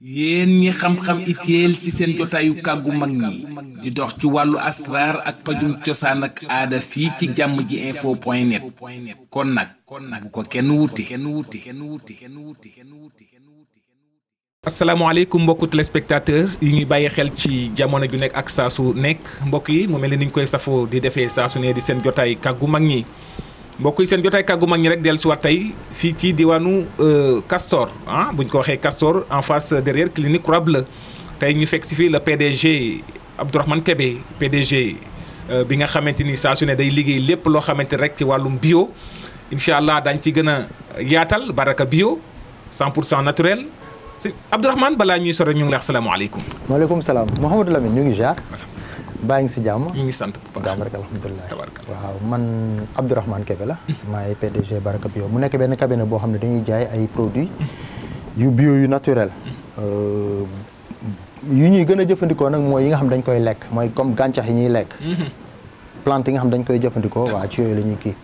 yéen ñi xam-xam itéel ci seen jotaayu kàggu mag ñi di dox ci wàllu asraar ak pajum cosaan ak aada fii ci jàmm ji info point net kon nag bu ko kenn wuti asalaamaaleykum mbokku téléspectateur yi ñuy bàyyi xel ci jamono ju nekk ak saa su nekk mbokk yi mu mel ni ñu koy safoo di defee saa su ne di seen jotaay kàggu mag ñi mbokk yi seen jotaay kàgguma ñi rek dellu si waat tey fii ci diwaanu euh, Castor ah bu ñu ko waxee Castor en face euh, derrière clinique Croix tey ñu fekk si fii le PDG Abdourahmane Kébé PDG euh, bi nga xamante ni saa su ne day liggéey lépp loo xamante rek ci wàllum bio incha allah daañu ci gën a yaatal baraka bio 100 pour cent naturel si Abdourahmane balaa ñuy sore ñu ngi lay wax salaamaaleykum. maaleykum salaam Mouhamadou Lamine ñu ngi jaar. baa ngi si jàmm. ñu ngi sant bu baax rek alhamdulilah. waaw man Abdourahmane Kébé la. maay PDG Baraka Bio mu nekk benn cabinet boo xam ne dañuy jaay ay produits. yu bio yu naturel. Euh, yu ñuy gën a jëfandikoo nag mooy yi nga xam dañ koy lekk mooy comme gàncax yi ñuy lekk. Mhm. plante yi nga xam dañ koy jëfandikoo waa ci yooyu la ñuy kii.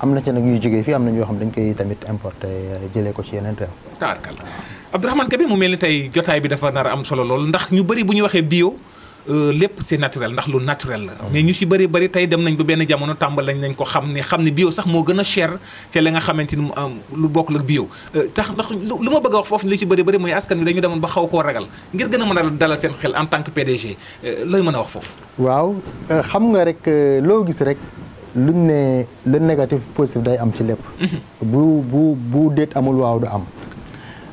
am na ci nag ñuy jógee fii am na ñoo xam dañ koy tamit importé jële ko ci yeneen réew. taarkal Abdourahmane Kébé mu mel ni tey jotaay bi dafa nar am solo lool ndax ñu bëri bu ñu waxee bio. Euh, lépp c'est naturel ndax lu naturel la mais ñu ci bari bëri tey dem nañ ba benn jamono tàmbal lañ nañ ko xam ne xam ne bio sax moo gën a cher te la nga xamante ni lu bokk la bio euh, tax ndax lu ma bëgg a foofu li ci bëri bëri mooy askan bi dañu demoon ba xaw koo ragal ngir gën a mën a dalal seen xel en tant que PDG euh, looy mën a wax foofu waaw xam nga rek loo gis rek lu ne le négatif positif day am ci lépp mhm. bu bu bu déet amul waaw du am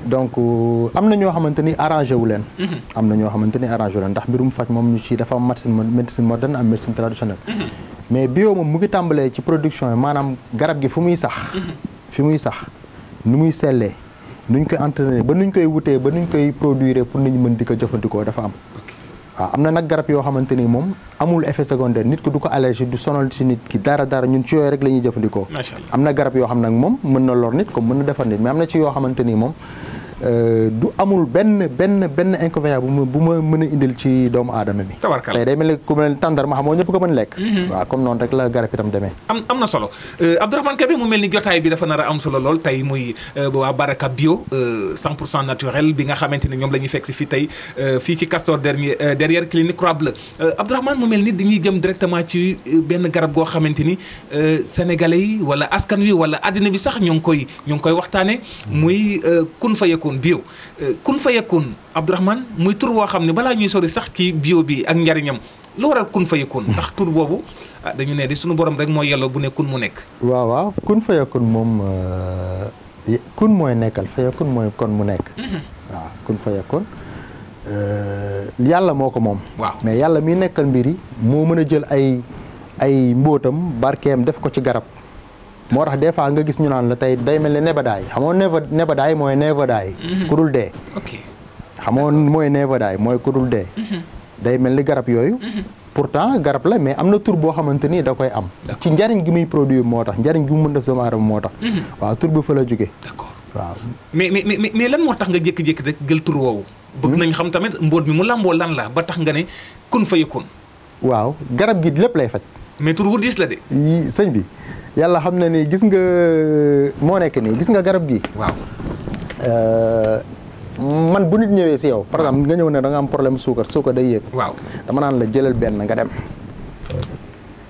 donc euh, am na ñoo xamante ni arrangé wu leen. Mhm. am na ñoo xamante ni arrangé wu leen ndax mbirum faj moom ñu ci dafa am médecine médecine moderne am médecine traditionnelle. Mhm. mais bio moom mu ngi tàmbalee ci production yi maanaam garab gi fu muy sax. Mhm. fi muy sax nu muy sellee nuñ koy entraîner ba nuñ koy wutee ba nuñ koy produire pour nit ñi mën di ko jëfandikoo dafa am. waaw am na nag garab yoo xamante ni moom amul effet secondaire nit ko du ko allergie du sonal ci nit ki dara dara ñun ci yooyu rek la ñuy jëfandikoo. am na garab yoo xam nag moom mën na lor nit comme mën na defar nit mais am na ci yoo xamante ni moom. Euh, du amul benn benn benn inconvénient bu ma mën a indil ci doomu aadama bi. tabarkalla tey day mel mhm. euh, mu mel ni jotaay bi dafa nar a am solo lool tey muy euh, waa Baraka bio 100 pour cent naturel bi nga xamante ni ñoom la ñuy fekk si fii tey fii ci Castor dernier derrière clinique Croix Bleue Abdourahmane mu mel ni dañuy jëm directement ci benn garab goo xamante ni sénégalais askan wi wala addina bi sax ñu ngi koy ñu ngi koy waxtaanee muy kun fa yëkku yakun bio euh, kun fa yakun Abdourahmane muy tur boo xam ne balaa ñuy sori sax ci bio bi ak njariñam lu waral kun fa yakun ndax tur boobu ah, dañu ne di suñu borom rek mooy yelloo bu ne kun mu nekk waaw waaw kun fa yakun moom euh, kun mooy nekkal fa yakun mooy kon mu nekk mhm. waaw kun fa yakun euh, yàlla moo ko moom waaw mais yàlla mi nekkal mbir yi moo mën a jël ay ay mbóotam barkeem def ko ci garab moo tax des fois nga gis ñu naan la tey day mel ne nebadaay xamoo nebadaay mooy neevadaay mm-hmm. ku dul dee xamoo mooy neevadaay mooy ku dul dee mm-hmm. day mel ni garab yooyu mm-hmm. pourtant garab la mais am na tur boo xamante ni da koy am ci njariñ gi muy produit moo tax njariñ gi mu mën def sama moo tax waaw tur la jóge d'accord mais mais lan moo tax nga jékki-jékki rek jël tur woowu bëgg hmm? nañ xam tamit mbóot mi mu làmboo lan la ba tax nga ne kun fa yëkkoon waaw garab gi lépp lay faj mais tur wu diis la de sëñ bi yàlla xam na ni gis nga moo nekk nii gis nga garab gii waaw. Euh, man bu nit ñëwee si yow. par exemple nga ñëw ne da am problème suukar suukar day yéeg. waaw dama naan la jëlal benn nga dem.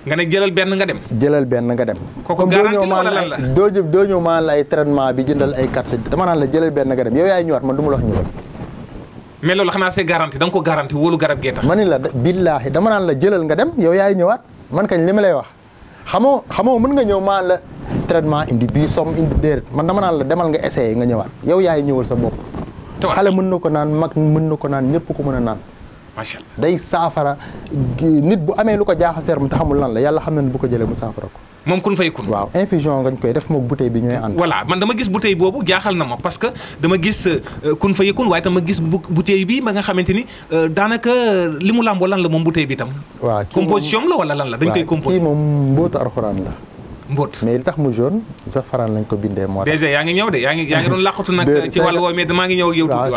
nga ne jëlal benn nga dem. jëlal benn nga dem. kooku garanti la wala lan la doo ñëw doo ñëw maan la ay bi jëndal ay carte dama naan la jëlal benn nga dem yow yaay ñëwaat man ma la wax ñëwal. mais loolu xanaa c'est da ko garanti wóolu garab gee tax. ma ni la billaahi dama naan la jëlal nga dem yow yaay ñëwaat man kañ li ma lay wax. xamoo xamoo mën nga ñëw maa la traitement indi bii somme indi déer man dama naan la demal nga essayé nga ñëwaat yow yaay ñëwal sa bopp xale mun na ko naan mag mun na ko naan ñëpp ko mën a naan macha day saafara nit bu amee lu ko jaaxal mu te xamul lan la yàlla xam na ne bu ko jëlee mu saafara ko. moom kun fay kun. waaw infusion ngañ koy def moog bouteille bi ñooy ànd. voilà man dama gis bouteille boobu jaaxal na ma parce que dama gis euh, kun fay kun waaye tam ma gis bouteille bi ba nga xamante ni euh, daanaka li mu làmboo lan la moom bouteille bi tam. waaw composition la wala lan la dañ koy composé. kii moom mbootu arxuraan la. mbóot mais li tax mu jaune zafaraan lañ ko bindee moo tax. déjà yaa ngi ñëw de yaa ngi yaa ngi doon laqatu nag. ci wàllu woowu mais damaa ngi ñëw yow. tuuti waaw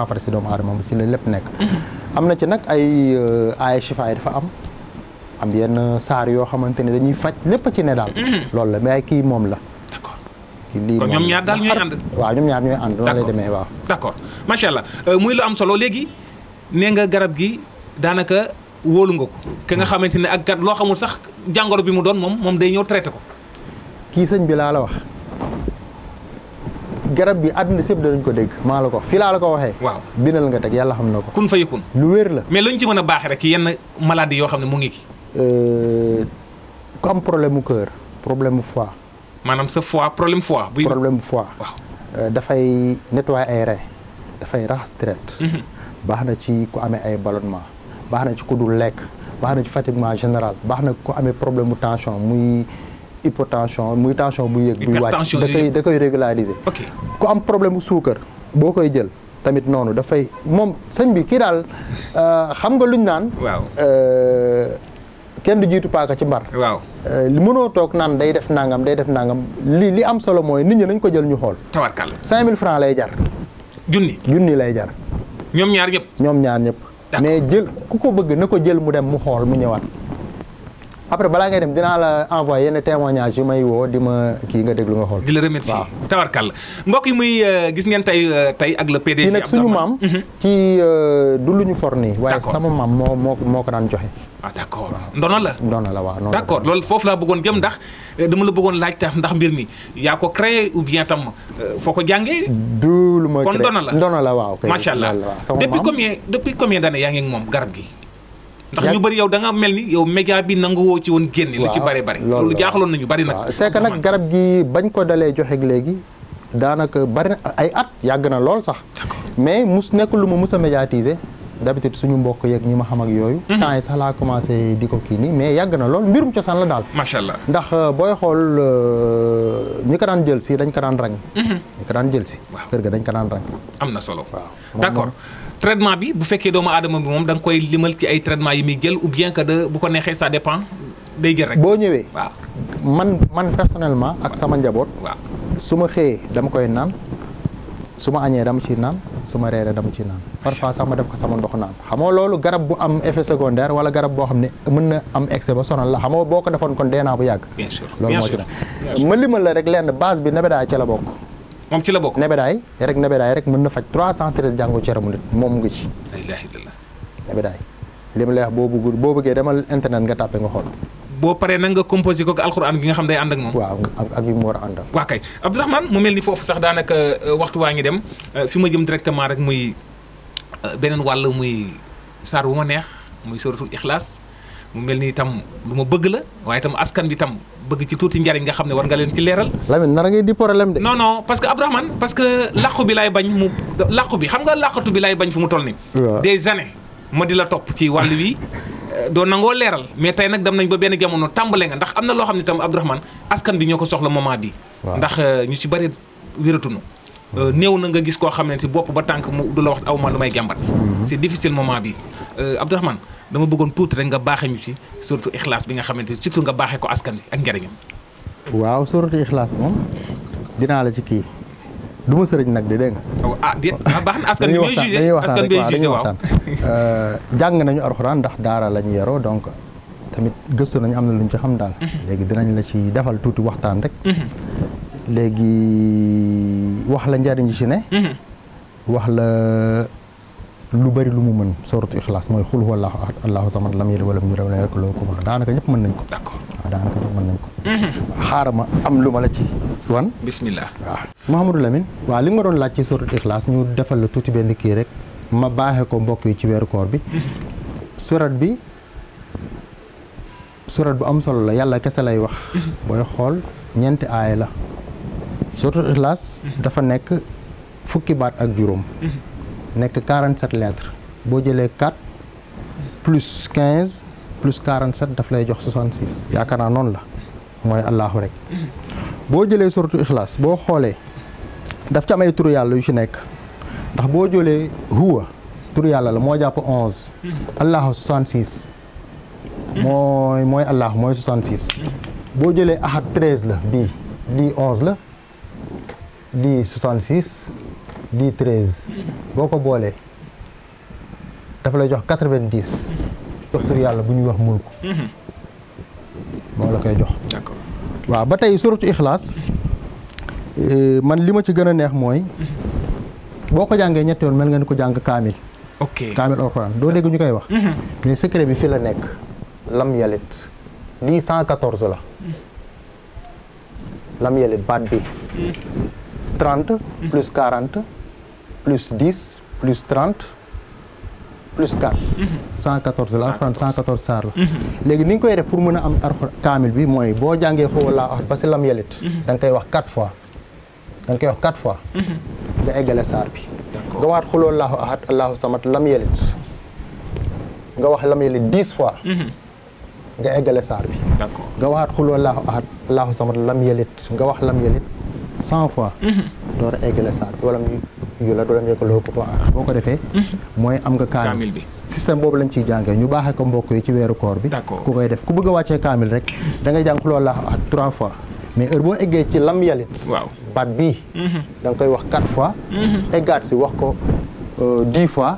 ah, mhm. la lépp nekk. Mhm. am na ci nag ay euh, ay shifa yi dafa am. yoo xamante ne dañuy faj lépp ci ne daal. Mhm. loolu la mais ay moom la. lii kon ñoom ñaar daal ñooy ànd. waaw ñoom ñaar ñooy ànd. noonu lay demee waaw. Euh, solo léegi nee nga garab gi daanaka wóolu nga ko ki nga xamante ne ak gat loo xamul sax jàngoro bi mu doon moom moom day ñëw traité ko. kii sëñ bi laa la wax garab bi àdduna sépp danañ ko dégg. maa la ko wax laa la ko waxee. waaw bindal nga teg yàlla xam na ko. kun fayakun lu wér la. mais luñ ci mën a baaxee rek yenn maladie yoo xam ne mu ngi ki euh, ku am problème mu cœur problème mu foie. maanaam sa foie problème foie. buy problème foie. waaw euh, dafay nettoyer ay rein dafay raxas deret mhm. baax na ci ku amee ay ballonnement. baax na ci ku dul lekk baax na ci fatiguement général baax na ku amee problème mu tension muy hypotension muy tension bu yëg buy wàcc da koy da koy régulariser ku am problème mu suukar boo koy jël tamit noonu dafay moom sëñ bi kii daal euh, xam nga luñ naan waaw euh, kenn du jiitu paaka ci mbar waaw li euh, mënoo toog naan day def nangam day def nangam li li am solo mooy nit ñi nañ ko jël ñu xool tawarkal cinq mille francs lay jar junni junni lay jar ñoom ñaar ñëpp ñoom ñaar ñëpp mais jël ku ko bëgg na ko jël mu dem mu xool mu ñëwaat. après balaa ngay dem dinaa la envoyé yenn témoignage yu may woo di ma kii nga déglu nga xool. di la remercier waaw tabarkàlla mbokk yi muy euh, gis ngeen tey euh, tey ak le PDG. Abdourahmane nag suñu maam. Mhm. ci euh, du lu ñu for nii. waaye sama maam moo moo moo ko daan joxe. ah d' accord ndono la. ndono la waaw d' accord loolu foofu laa bëggoon jëm ndax. Eh, dama la bëggoon laajte ndax mbir mi yaa ko créé ou bien tam eh, foo ko jàngee. du lu ma kon ndono la ndono la waaw. kay macha allah depuis combien depuis combien d'années yaa ngi moom garab gi. ndax ñu bëri yow da nga mel ni yow média bi nangu woo ci woon génne. lu ci bare bare loolu jaaxaloon nañu bari nag. c'est que nag garab gi bañ ko dalee joxe léegi daanaka bari na ay at yàgg na lool sax. mais mus nekk lu ma mus a médiatiser d'habitude suñu mbokk yeeg ñi ma xam ak yooyu mhm. temps yi sax laa commencé di ko kii nii mais yàgg na lool mbirum cosaan la daal macha allah ndax euh, booy xool euh, ñi ko daan jël si dañ ko daan rang mhm. ñi ko daan jël si waaw kër ga dañ ko daan rang am na solo waaw d'accord traitement bi bu fekkee dooma aadama bi moom da nga koy limal ci ay traitement yi muy jël ou bien que de bu ko neexee sa dépend day jël rek boo ñëwee waaw man man personnellement ak sama njaboot waaw su ma xëyee dama koy naan su ma añee dama ciy naan su suma reere dama ciy naan parfois sax ma def ko sama ndox naan xamoo loolu garab bu am effet secondaire wala garab boo xam ne mën na am excès ba sonal la xamoo boo ko defoon kon dee naa bu yàgg loolu moo ci ne ma limal la rek lenn base bi nebedaay ci la bokk moom ci la bokk nebedaay rek nebedaay rek mën na faj 313 jàngo ci yaramu nit moom ngi ci nebedaay li ma lay wax boo bëggul boo bëggee demal internet nga tàppe nga xool boo paree na nga composé ko ak alxuraan gi nga xam day ànd ak moom. waaw ak yu mu war a àndal. waa kay Abdourahmane mu mel ni foofu sax daanaka euh, waxtu waa ngi dem euh, fi ma jëm directement rek muy euh, beneen wàll muy saar bu ma neex muy suratul ixlaas mu mel ni itam lu ma bëgg la waaye tam askan bi tam bëgg ci tuuti njariñ nga xam ne war nga leen ci leeral. Lamine nar ngay di problème de. non non parce que Abdourahmane que làqu bi laay bañ mu làqu bi xam nga làqatu bi laay bañ fu mu toll nii. des années ma di la topp ci wàll wi. doo nangoo leeral mais tey nag dem nañ ba benn jamono tàmbale nga ndax am na loo xam ne tam Abdourahmane askan bi ñoo ko soxla moment bi ndax euh, ñu ci bari wératunu euh, néew na nga gis koo xamante ne si bopp ba tànk mu du la wax aw ma lu may jàmbat mhm. c'est difficile moment bi euh, Abdourahmane dama bëggoon tuuti rek nga baaxee ñu ci surtout ixlaas bi nga xamante surtout nga baaxe ko askan bi ak njëriñam waaw surtout ixlaas moom dinaa la ci kii du ma sëriñ nag di dégg nga. ah déet ah, baax na askan bi ñooy jugé dañuy waxtaan dañuy euh, waxtaan jàng nañu alxuraan ndax daara la ñu yaroo donc tamit gëstu nañu am na lu ñu ci xam daal. Mhm. léegi dinañ la ci defal tuuti waxtaan rek. Mhm. léegi wax la njariñ ci ne. Mhm. wax la lu bari lu mu mën soratu ixlaas mooy xul huwallaahu ahad allaahu samad lam yalid walam yuulad walam yakul lahu kufuwan daanaka ñëpp mën nañ ko. d'accord. Ah, daanaka mën nañ ko. Mhm. xaaral ma am lu ma la ci wan. bismillah waaw. Mouhamadou Lamine waaw li ma doon laaj ci suratul Ikhlas ñu defal la tuuti benn kii rek ma baaxe ko mbokk yi ci weeru koor bi. surat bi surat bu am solo la yàlla kese lay wax. Mhm. booy xool ñeenti aay la. suratul Ikhlas dafa nekk fukki baat ak juróom. Mhm. nekk 47 lettres boo jëlee 4 plus 15. plus 47 daf lay jox 66 yaakaar naa noonu la mooy Allahu rek boo jëlee surtout Ixlaas boo xoolee daf ci am turu yàlla yu ci nekk ndax boo jëlee huwa turu yàlla la moo jàpp 11 Allahu 66 mooy mooy Allahu mooy 66 boo jëlee ahad 13 la bii di 11 la di 66 di 13 boo ko boolee dafa lay jox 90. tur yàlla bu ñuy wax mulku mhm. moo la koy jox d'accord waaw ba tey suratu ixlaas euh, man li ma ci gën a neex mooy mhm. boo ko jàngee ñetti yoon mel nga ni ko jàng kaamil ok kaamil a doo dégg ñu koy wax mhm. mais secret bi fi la nekk lam yalit la lam yalit baat bi trente plus quarante plus dix plus plus 4. 114 la alxuraan 114 saar la. Mhm. léegi ni koy def pour mën a am alxuraan kaamil bi mooy boo jàngee foofu laa wax parce lam yelit. Mhm. da nga koy wax 4 fois da nga koy wax 4 fois. Mhm. nga eggale saar bi. nga lam yelit nga wax lam yelit 10 fois. nga eggale saar bi. nga waxaat xuloo laahu ahad allahu lam yelit nga wax lam yelit 100 fois. door a eggale saar bi wala mu yula doolam yëkkaloo ko ko boo ko defee mhm. mooy am nga kaamil bi système boobu lañ ciy jàngee ñu baaxee ko mbokk yi ci weeru koor bi ku koy def ku bëgg a wàccee kaamil rek da ngay jàng loolu la trois fois mais boo eggee ci lam yalit waaw baat bii mhm. da koy wax quatre fois mhm. eggaat si wax ko euh, dix fois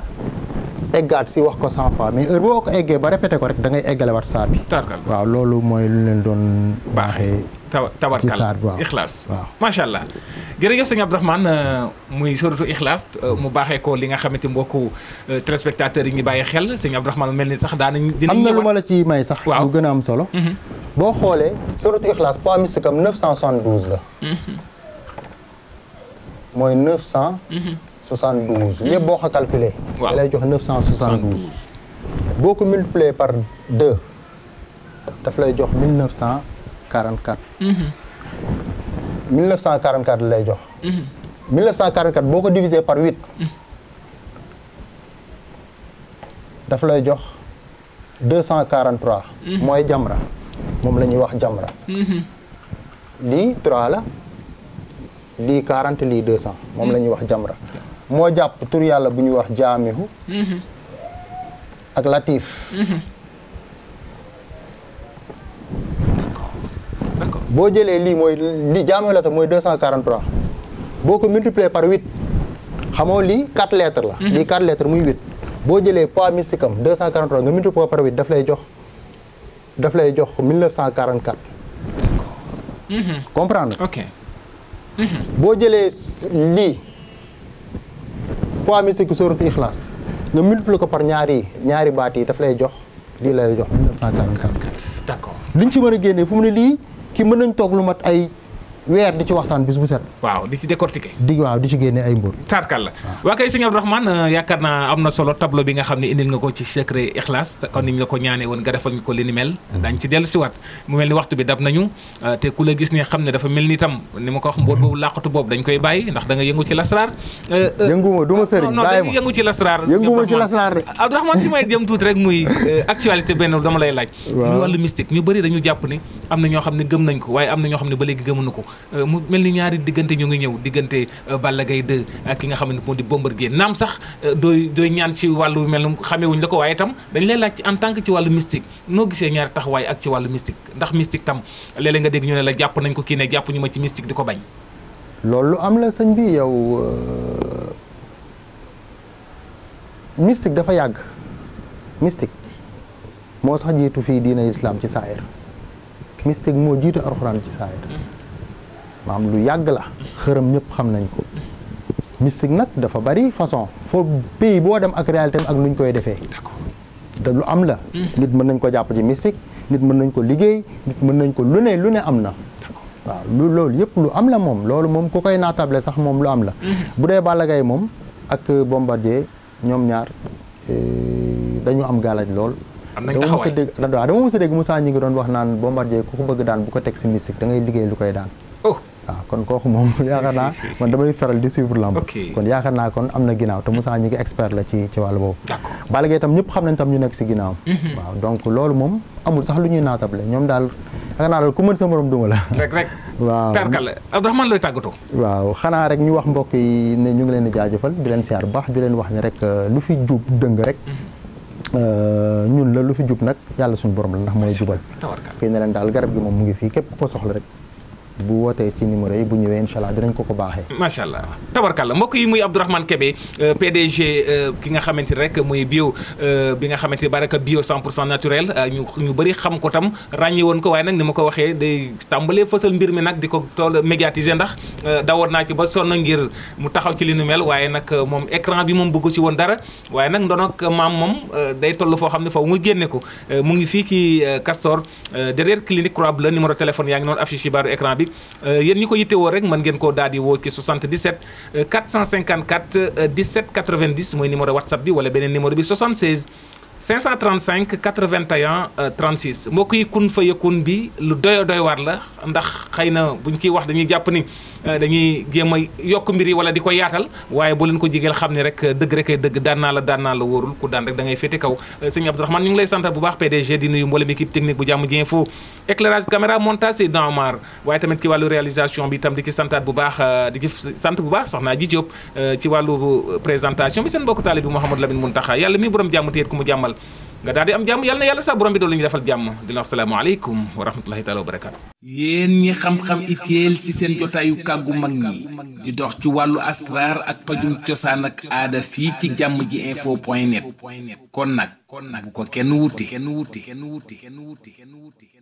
eggaat si wax ko cent fois mais boo ko ba ko rek da ngay eggale wat saar bi waaw loolu mooy lu leen doon baaxee tawa tawarkal ixlaas waaw macha allah jërëjëf sëñ Abdourahmane euh, muy suratu ixlaas euh, mu baaxee ko li nga xamante mbokku euh, téléspectateurs yi ngi bàyyi xel sëñ Abdourahmane mel ni sax daanañ am na lu ma la ci may sax lu gën a am solo mhm. boo xoolee suratu ixlaas poids mystique am 972 la mhm. mooy 972 lépp mhm. boo ko calculé da lay jox 972 boo ko multiplié par 2 daf lay jox 1944. 1944 mhm. lay jox. 1944 mhm. boo ko diviser par 8. Mhm. daf lay jox 243. mooy jamra moom la ñuy wax jamra. lii 3 la lii 40 lii 200 moom la ñuy wax jamra moo jàpp tur yàlla bu ñuy wax jaamihu. ak latif. boo jëlee lii mooy li jaamay la tam mooy 243 boo ko multiplier par 8 xamoo lii 4 lettres la. Mhm. lii 4 lettres muy 8 boo jëlee poids mystique am 243 nga multiplier par 8 daf lay jox daf lay jox 1944. Mhm. comprendre ok. Mhm. boo jëlee lii poids mystique suratu Ixlaas nga multiplier ko par ñaari ñaari baat yi daf lay jox lii lay jox 1944. d'accord liñ ci mën a génnee fu mu ne lii. ki mën nañ toog lu mat ay weer di ci waxtaan bis bu set. waaw di ci décortiquer. di waaw di ci la waa kay sëñ Abdourahmane euh, yaakaar naa am na solo tableau bi nga xam ne indil nga ko ci secret Ikhlas kon ni ñu la ko ñaanee woon nga defal ñu ko li ni mel. Mm-hmm. daañu ci dellu si waat mu mel ni waxtu bi dab nañu euh, te ku la gis ne xam ne dafa mel ni tam ni ma ko wax mbóot boobu làqatu boob dañ koy bàyyi ndax da nga yëngu ci lasraar. Euh, yënguma du ma sëriñ bàyyi ma non yëngu ci lasraar. yënguma ci lasraar de. Abdourahmane su may jëm tuuti rek muy actualité lay laaj. waaw ñu ñu bëri dañu jàpp ne am na ñoo xam ne gëm nañ ko waaye am na ñoo xam ne ba léegi gëmuñu ko Euh, mu mel ni ñaari diggante ñoo ngi ñëw diggante euh, Balla gay 2 ak ki nga xam ne moo di Bombardier naam sax euh, dooy dooy ñaan ci wàllu mel ni xamewuñ la ko waaye tam dañ lay laaj en tant que ci wàllu mystique noo gisee ñaari taxawaay ak ci wàllu mystique ndax mystique tam léeg-léeg nga dégg ñoo ne la jàpp nañ ko kii ne jàpp ñu ma ci mystique di ko bañ loolu lu am la sañ bi yow mystique dafa yàgg mystique moo sax jiitu fii diina islam ci saayir mystique moo jiitu alxuraan ci saayir mm-hmm. maanaam lu yàgg la xërëm ñëpp xam nañ ko mystique nag dafa bari façon foo pays boo dem ak réalité ak nuñ koy defee da lu am la nit mën nañ ko jàpp ci mystique nit mën nañ ko liggéey nit mën nañ ko lu ne lu ne am na waaw lu loolu yëpp lu am la moom loolu moom ku koy naatable sax moom lu am la mhm. bu dee Balla Gaye moom ak Bombardier ñoom ñaar euh, dañu am gàllaaj lool am nañ taxawaay dama mos a dégg Moussa ñi ngi doon wax naan Bombardier ku ko bëgg daan bu ko teg si mystique da ngay liggéey lu koy daan oh. waaw ah, kon kooku moom yaakaar naa man damay feral di suivre lamb kon yaakaar naa kon am na ginnaaw te Moussa ñi ngi expert la ci ci wàllu boobu Balla Gaye tam ñëpp xam nañ tam ñu nekk si ginnaaw mhm. waaw donc loolu moom amul sax lu ñuy naatable ñoom daal yaakaar naa daal ku mën sa morom duma la rek rek waaw tarkal Abdourahmane tàggatoo waaw xanaa rek ñu wax mbokk yi ne ñu ngi leen di jaajëfal di leen siyaar bu di leen wax ne rek euh, lu fi jub dëng rek mhm. euh, ñun la lu fi jub nag yàlla suñu borom la ndax mooy jubal fii ne leen daal garab gi moom mu ngi fii képp ko soxla rek bu wootee ci numéro yi bu ñëwee incha allah dinañ ko ko baaxe macha allah tabarkalla mbokk yi muy Abdourahmane Kébé euh, PDG euh, ki nga xamante ne rek muy bio euh, bi nga xamante ne baraka bio 100 pour cent naturel ñu ñu bëri xam ko tam ràññee woon ko waaye nag ni ma ko waxee day tàmbalee fësal mbir mi nag di ko tool médiatiser ndax dawoon naa ci ba sonn ngir mu taxaw ci li nu mel waaye nag moom écran bi moom bëgg ci woon dara waaye nag ndonok maam moom day toll foo xam ne foofu mu génne ko mu ngi fii ci Castor derrière clinique Croix Bleue numéro téléphone yaa bi bi euh, yéen ñi ko yittewoo rek mën ngeen ko daal di woo ci 77 euh, 454 euh, 17 90 mooy numéro WhatsApp bi wala beneen numéro bi 76. 535 81 36 mbokk yi kun fa yëkkun bi lu doy doy la ndax xëy na bu ñu wax dañuy jàpp ni euh, dañuy jéem a yokk mbir yi wala di ko yaatal waaye bu leen ko jigéel xam ne rek dëgg rek ay dëgg daan naa la daan naa la wóorul ku daan rek da ngay féete kaw euh, sëñ Abdourahmane ñu ngi lay sant bu baax PDG di nuyu mboolem équipe technique bu Jamm ji info éclairage caméra montage c'est dans waaye tamit ci wàllu réalisation bi itam di ci santaat bu baax euh, di ci sant bu baax soxna ji Diop ci wàllu jàmm amal nga daal di am jàmm yàlla na yàlla sax borom bi doon la ñu defal jàmm di la wax salaamaaleykum wa rahmatulahi taala wa barakaatu. yéen ñi xam-xam itéel ci seen jotaayu kàggu mag ñi di dox ci wàllu asraar ak pajum cosaan ak aada fii ci jàmm ji info point net kon nag bu ko kenn wuti.